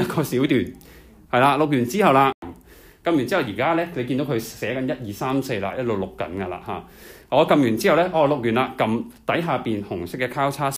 一個小段，係啦，錄完之後啦，撳完之後，而家咧，你見到佢寫緊一、二、三、四啦，一路錄緊㗎啦嚇，我撳完之後咧，哦，錄完啦，撳底下邊紅色嘅交叉。